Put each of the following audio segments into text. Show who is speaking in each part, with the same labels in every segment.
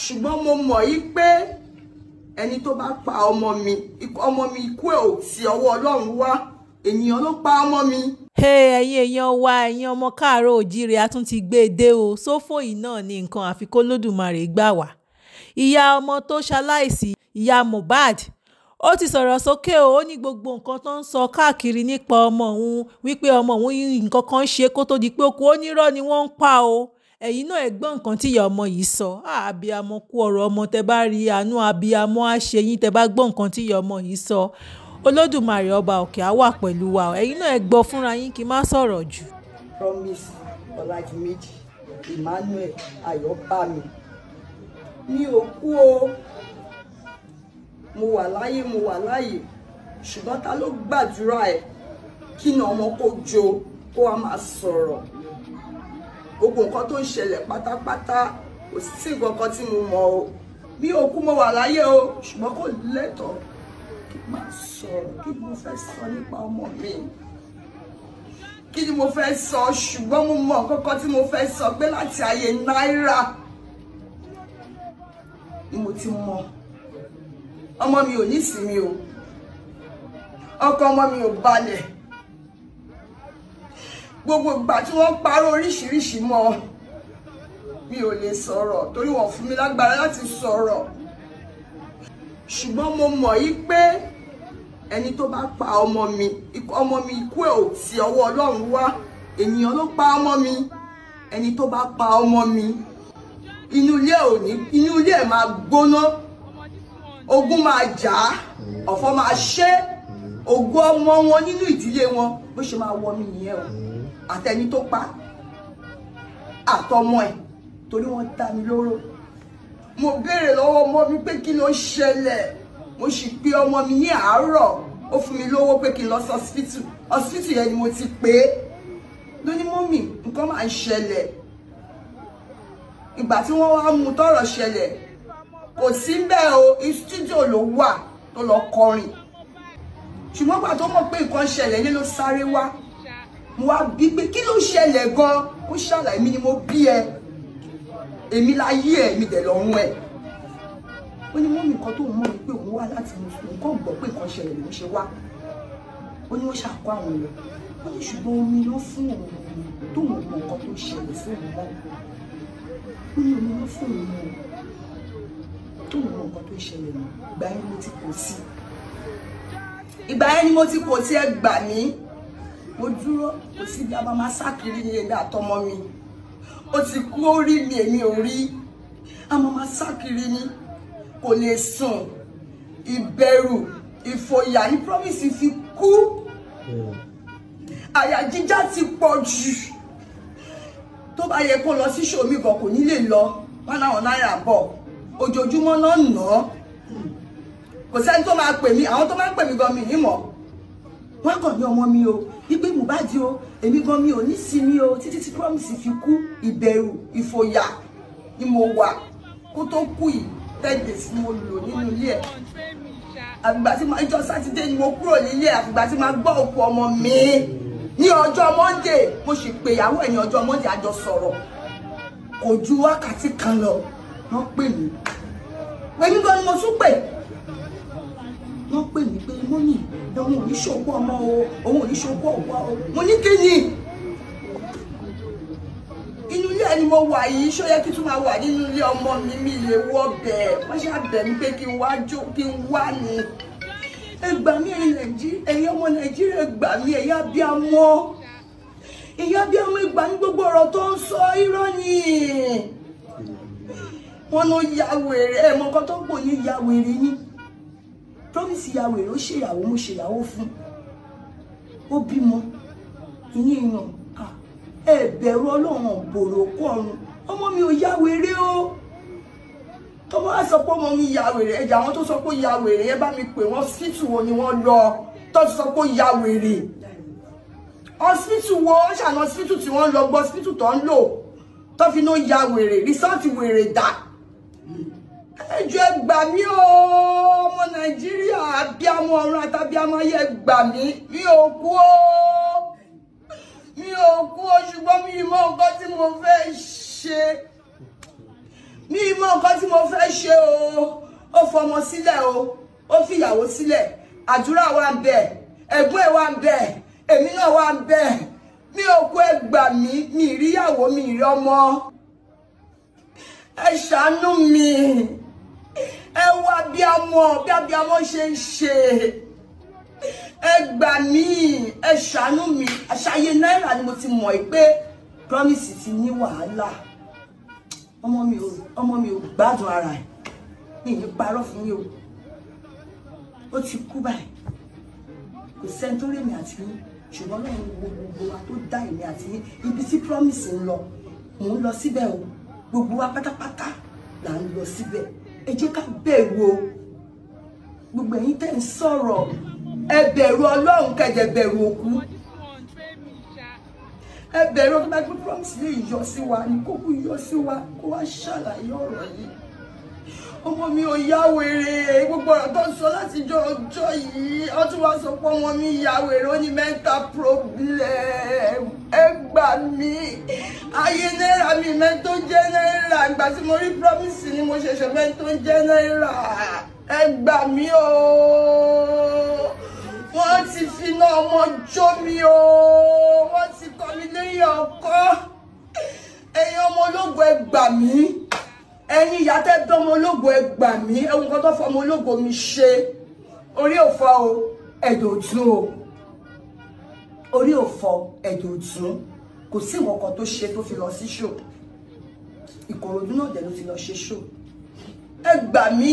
Speaker 1: ṣùgbọ́n mo mọ̀ yí pé ẹni tó bá pa ọmọ mi ọmọ
Speaker 2: mi ikú ẹ̀ ò ti ọwọ́ ọlọ́run wá ènìyàn ló pa ọmọ mi. ẹ̀yin èèyàn wa ẹ̀yin ọmọ káàárọ̀ òjíire a tún ti gbé e dé o sófò yìí náà ni nǹkan àfikólódùmarè gbà wá ìyá ọmọ tó ṣaláìsí ìyá Mohbad ó ti sọ̀rọ̀ sókè o ó ní gbogbo nǹkan tó ń sọ káàkiri nípa ọmọ òun wípé ọmọ òun nǹkan kan ṣe kó tó di pé ó ó nírọ́ ni wọ́n ń pa o ẹ̀yin náà ẹ gbọ́ nǹkan tí ìyá ọmọ yìí sọ àbíamọ kú ọ̀rọ̀ ọmọ tẹ bá rí àánú àbíamọ á ṣe yín tẹ bá gbọ́ nǹkan tí ìyá ọmọ yìí sọ olódùmarè ọba òkè á wà pẹ̀lú wa ẹ̀yin náà ẹ fúnra yín kí má sọ̀rọ̀ jù.
Speaker 1: promise ọlájúmẹ́jì emmanuel ayọ̀bámi mi ò kú o mo wà láyé mo wà láyé ṣùgbọ́n ta ló gbàdúrà ẹ̀ kí ni ọmọ kó jo kó a máa sọ̀rọ̀ gbogbo nǹkan tó ń ṣẹlẹ̀ pátápátá kò sí nǹkan tí mo mọ̀ o bí òkú mo wà láyé o ṣùgbọ́n kò lẹ́tọ̀ọ́ kí n má sọ̀rọ̀ kí mo fẹ́ sọ nípa ọmọ mi kí ni mo fẹ́ sọ ṣùgbọ́n mo mọ̀ kọ́kọ́ tí mo fẹ́ sọ pé láti ayé náírà ni mo ti mọ̀ ọmọ mi ò ní sinmi o ọkọ ọmọ mi ò balẹ̀ gbogbo ìgbà tí wọ́n parọ́ oríṣiríṣi mọ́ mi ò lè sọ̀rọ̀ torí wọ́n fún mi lágbára láti sọ̀rọ̀ ṣùgbọ́n mo mọ̀ yí pé ẹni tó bá pa ọmọ mi ọmọ mi ikú ẹ̀ ò ti ọwọ́ Ọlọ́run wá ènìyàn ló pa ọmọ mi ẹni tó bá pa ọmọ mi inú ilé ò ní inú ilé ẹ̀ máa gbóná ogun máa jà á ọ̀fọ̀ máa ṣẹ́ ogún ọmọ wọn nínú ìdílé wọn bó ṣe máa wọ mi nìyẹn o àtẹni tó pa àtọmọ ẹ̀ torí wọ́n ta mi lóró mo béèrè lọ́wọ́ ọmọ mi pé kí ló ṣẹlẹ̀ mo sì pe ọmọ mi ní àárọ̀ ó fún mi lówó pé kí n lọ sí ọsibítù ọsibítù yẹn ni mo ti pè é lóní mi? nǹkan máa ń ṣẹlẹ̀ ìgbà tí wọ́n wá mú tọ́rọ̀ ṣẹlẹ̀ kò sí ń bẹ́ẹ̀ o ìstúdíò ló wà tó lọ kọrin ṣùgbọ́n gbà tó mọ̀ pé nǹkan ṣẹlẹ̀ yẹn ló sáré wá mo wá bí pé kí ló ṣẹlẹ̀ gan ó ṣàlàyé mi ni mo bí ẹ èmi láyé ẹ èmi dẹ̀ lọ́rùn ẹ ó ní mọ́mí nǹkan tó mọ́ mi pé òun wá láti mùsùlùmí kọ́ gbọ́ pé nǹkan ṣẹlẹ̀ ló ń ṣe wá ó ní wọ́n ṣàkó àwọn èèyàn ó ní ṣùgbọ́n omi ló fún òun tóun mọ nǹkan tó ṣẹlẹ̀ sí òun mọ́ ó ní omi ló fún òun mọ́ tóun mọ nǹkan tó ṣẹlẹ̀ mọ́ ìgbà yẹn mo ti kò sí ìgbà yẹn ni mo ti kò sí ẹ gbà mí mo dúró ó ti gba màmá sákiri èmi àtọmọ mi ó ti kú orí mi èmi ò rí àmọ́ màmá sákiri ni kò lè sùn ìbẹ̀rù ìfòyà ìpromise fi kú àyà jíjá ti pọ̀ jù tó bá yẹ kó lọ sí ṣòmí gan kò ní lè lọ wọn láwọn náírà bọ̀ ojoojúmọ́ náà nà án kò sẹ́ni tó máa pè mí àwọn tó máa ń pè mí gan mi nímọ̀ wọ́n kàn ní ọmọ mi o wípé Mohbad o èmi gan mi ò ní sinmi o títí tí promise fi kú ìbẹ̀rù ìfòyà ni mo wà kó tó kú yìí ten days ni mo lò nínú ilé ẹ̀ àfìgbà tí ìjọ sátidé ni mo kúrò nílé àfìgbà tí máa gbọ́ òkú ọmọ mi ní ọjọ́ monday mo sì pè ìyàwó ẹ̀ ní ọjọ́ monday àjọ sọ̀rọ̀ kò ju wákàtí kan lọ wọ́n pè mí pèmí gan ni mo tún pè wọ́n pè mí pé mọ́mì òun ò ní ṣokú ọmọ o òun ò ní ṣokú ọ̀wá o mo ní kí ni inú ilé ẹni mo wà yìí ṣó yẹ kí tún máa wà nínú ilé ọmọ mi mi lè wọ bẹ́ẹ̀ wọ́n ṣàbẹ̀ mí pé kí n wá jó kí n wá ni ẹ gbà mí ẹ̀yin ọmọ nàìjíríà gbà mí ẹ̀yin abiyamọ ìyá bí ọmọ ìgbà gbogbo ọ̀rọ̀ tó ń sọ irọ́ ni wọ́n ló ya wèrè ẹ̀ mọ́kọ́ tó pò ní ya wèrè yín promise ìyàwó èrò ṣèyàwó mo ṣèyàwó fún ó bímọ ìyín ìyàn ẹ bẹ̀rù ọlọ́run bòrò kó ọrùn ọmọ mi ò ya wèrè o tọmọ á sọ pé ọmọ mi ya wèrè ẹjà àwọn tó sọ pé ya wèrè ẹ bá mi pè wọn síìtù wo ni wọn lọ tó sọ pé ya wèrè ọsibítù wo ṣàna ọsibítù tí wọn lọ gbọ ọsibítù tó ń lò tó fi náà ya wèrè rìsọ́ọ̀tì wèrè dà ẹjọ́ ẹ gbà mí o ọmọ ọmọ ọ̀run àtàbíamọ yẹ gbà mí mi ò kú o mi ò kú o ṣùgbọ́n mi ì mọ nǹkan tí mo fẹ́ ṣe mi ì mọ nǹkan tí mo fẹ́ ṣe o ó fọmọ sílẹ̀ o ó fìyàwó sílẹ̀ àdúrà wa ń bẹ ẹ̀gbọ́n ẹ̀ wa ń bẹ èmi náà wa ń bẹ mi ò kú ẹ gbà mí mi ìríyàwó mi ìrí ọmọ ẹ ṣàánú mi ẹ wá bí amọ bí abiamọ ṣe ń ṣe ẹ gbà mí ẹ ṣàánú mi àṣàyè náírà ni mo ti mọ̀ ẹ́ pé promise ti ní wàhálà ọmọ mi ò ọmọ mi ò gbádùn ara ẹ̀ mi ní parọ́ fún mi o ó ti kú báyìí kò sẹ́ni tó rèmi àti yín ṣùgbọ́n lọ́run gbogbo wa tó dá èmi àti yín ibi tí promise ń lọ mò ń lọ síbẹ̀ o gbogbo wa pátápátá là ń lọ síbẹ̀ ẹ jẹ́ ká bẹ̀rù o gbogbo ẹ̀yin tẹ́ ń sọ̀rọ̀ ẹ bẹ̀rù ọlọ́run kẹjẹ bẹ̀rù òkú ẹ bẹ̀rù ọdún bàbá promise lè yọ sí wa ní kókó yọ sí wa kó wá ṣàlàyé ọ̀rọ̀ yìí ọmọ mi ò yá wèrè gbogbo ọ̀rọ̀ tó ń sọ láti jọ ọjọ́ yìí ó wá sọ pé ọmọ mi yá wèrè ó ní mental problem ẹ gbà mí ayé náírà mi mẹ́ni tó jẹ́ náírà ìgbà tí mo rí promise ni mo ṣẹ̀ṣẹ̀ mẹ́ni tó ń jẹ́ náírà ẹ gbà mí o wọ́n ti fi iná ọmọ jó mi o wọ́n ti kọ́ mi lẹ́yìn ọkọ́ ẹ̀yin ọmọ ológun ẹ gbà mí ẹ̀yin ìyá tẹ́ dán ọmọ ológun ẹ gbà mí ẹ̀wọ̀n kan tó fọ ọmọ ológun mi ṣe orí ò o ẹ̀dọ̀ òtún o orí ò fọ́ ẹ̀dọ̀ òtún kò sí nǹkan kan tó ṣe tó fi lọ sí ṣòkò ìkòròdú náà dẹ̀ ló ti lọ ṣe ṣó
Speaker 2: ẹ gbà mí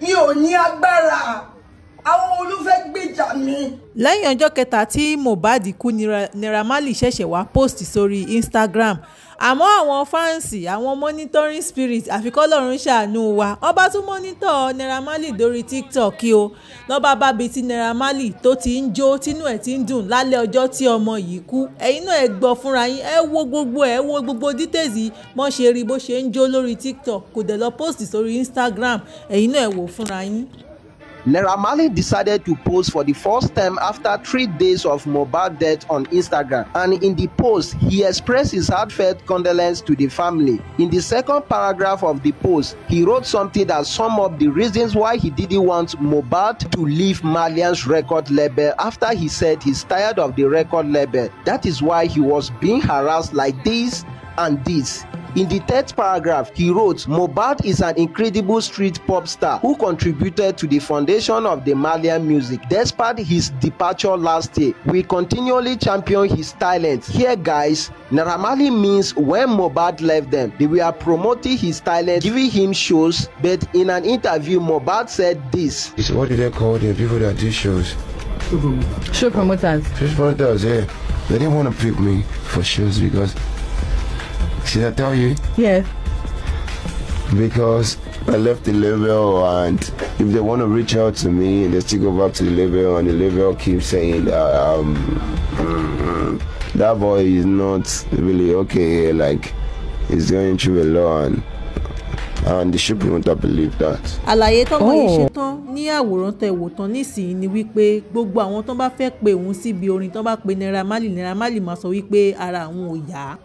Speaker 2: mi ò ní agbára àwọn olùfẹ́ gbèjà mi. lẹ́yìn ọjọ́ kẹta tí Mohbad kú Naira Marley ṣẹ̀ṣẹ̀ wá post sórí Instagram àmọ́ àwọn fáǹsì àwọn monitoring spirit àfikọ́lọ́run ṣàánú wa wọ́n bá tún mọ́nítọ̀ naira marley dórí tiktok kí o lọ́ba bábi tí naira marley tó ti ń jó tínú ẹ̀ ti ń dùn lálẹ́ ọjọ́ tí ọmọ yìí kú ẹ̀yin náà ẹ gbọ́ fúnra yín ẹ wo gbogbo ẹ wo gbogbo details yìí mọ́ ṣe rí bó ṣe ń jó lórí tiktok kò dẹ̀ lọ post sórí instagram ẹ̀yin náà ẹ wò fúnra yín.
Speaker 3: Neramali decided to post for the first time after three days of Mohbad death on Instagram, and in the post, he expressed his heartfelt condolence to the family. In the second paragraph of the post, he wrote something that summed up the reasons why he didn't want Mohbad to leave Marlian's record label after he said he's tired of the record label. That is why he was being harassed like this and this. In the third paragraph, he wrote, Mobad is an incredible street pop star who contributed to the foundation of the Malian music. Despite his departure last year, we continually champion his talent. Here guys, Naramali means when Mobad left them, they were promoting his talent, giving him shows, but in an interview, Mobad said this. It's what do they call the people that do shows?
Speaker 1: Show promoters. Show promoters, yeah. They didn't want to pick me for shows
Speaker 3: because Should I tell you? Yeah. Because I left the label, and if they want to reach out to me, they still go back to the label, and the label keeps saying that, um, mm-hmm, that boy is not really okay. Like he's going through a lot. And, and the ship won't believe that.
Speaker 2: àlàyé tọmọ yìí oh. ṣe tán ní àwòrán tẹ wò tán nísìnyí ni wípé gbogbo àwọn tán bá fẹ́ pè òun síbi orin tán bá pe Naira Marley Naira Marley máa sọ wípé ara àwọn ò yá.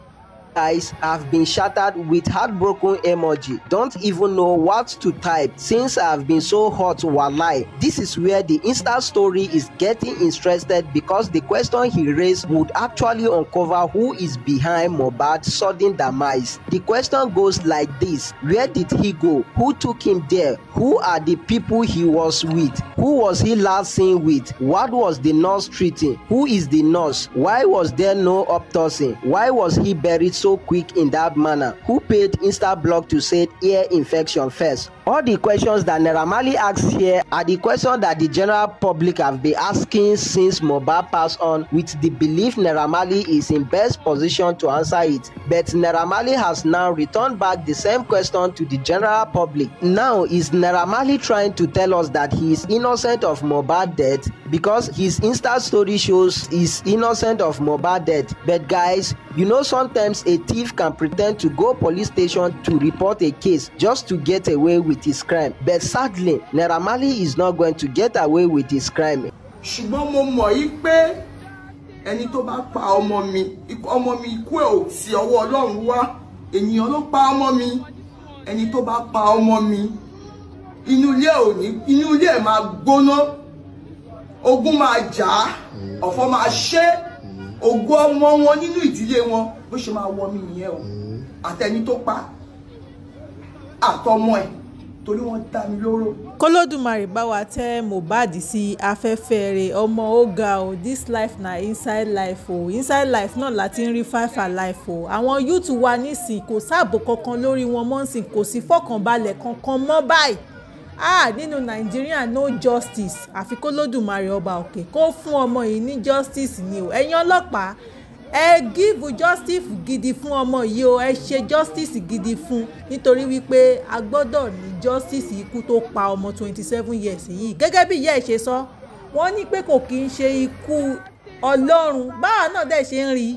Speaker 3: guys have been shattered with heartbroken emoji. Don't even know what to type since I've been so hot walai. This is where the Insta story is getting interested because the question he raised would actually uncover who is behind Mobad's sudden demise. The question goes like this. Where did he go? Who took him there? Who are the people he was with? Who was he last seen with? What was the nurse treating? Who is the nurse? Why was there no autopsy? Why was he buried so so quick in that manner? Who paid Instablog to say ear infection first? All the questions that Neramali asks here are the questions that the general public have been asking since Mobile passed on with the belief Neramali is in best position to answer it. But Neramali has now returned back the same question to the general public. Now is Neramali trying to tell us that he is innocent of Mobile death because his Insta story shows he is innocent of Mobile death. But guys, you know sometimes a a thief can pretend to go police station to report a case just to get away with his crime but sadly Naira Marley is not going to get away with his crime.
Speaker 1: ṣùgbọ́n mo mọ̀ yí pé ẹni tó bá pa ọmọ mi ọmọ mi ikú ẹ̀ ò ti ọwọ́ Ọlọ́run wá ènìyàn ló pa ọmọ mi ẹni tó bá pa ọmọ mi inú ilé ò ní inú ilé ẹ̀ máa gbóná ogun máa jà mm. ọ̀fọ̀ máa ṣẹ́ mm. ogún ọmọ wọn nínú ìdílé wọn
Speaker 2: bó ṣe máa wọ mi nìyẹn o àtẹni tó pa àtọmọ ẹ torí wọ́n dá mi lóró. kólódùmarè bá wa tẹ́ Mohbad sí afẹ́fẹ́ rẹ̀ ọmọ ó ga o this life na inside life o inside life náà láti ń rí five alive o àwọn yúùtù wa nísìn kò sáàbò kankan lórí wọn mọ́ nsìn kò sí fọkànbalẹ̀ kankan mọ́ báyìí ah nínú nàìjíríà no justice àfi kólódùmarè ọba òkè kó fún ọmọ yìí ní justice ni o ẹ̀yin ọlọ́pàá ẹ give justice gidi fún ọmọ yìí o ẹ ṣe justice gidi fún nítorí wípé a gbọ́dọ̀ ní justice ikú tó pa ọmọ twenty seven years yìí gẹ́gẹ́ bí ìyá ẹ̀ ṣe sọ wọ́n ní pé kò kí ń ṣe ikú ọlọ́run báwa náà dẹ̀ ṣe ń rí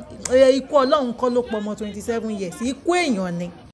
Speaker 2: ikú ọlọ́run kọ́ ló pọ̀ ọmọ twenty seven years ikú èèyàn ni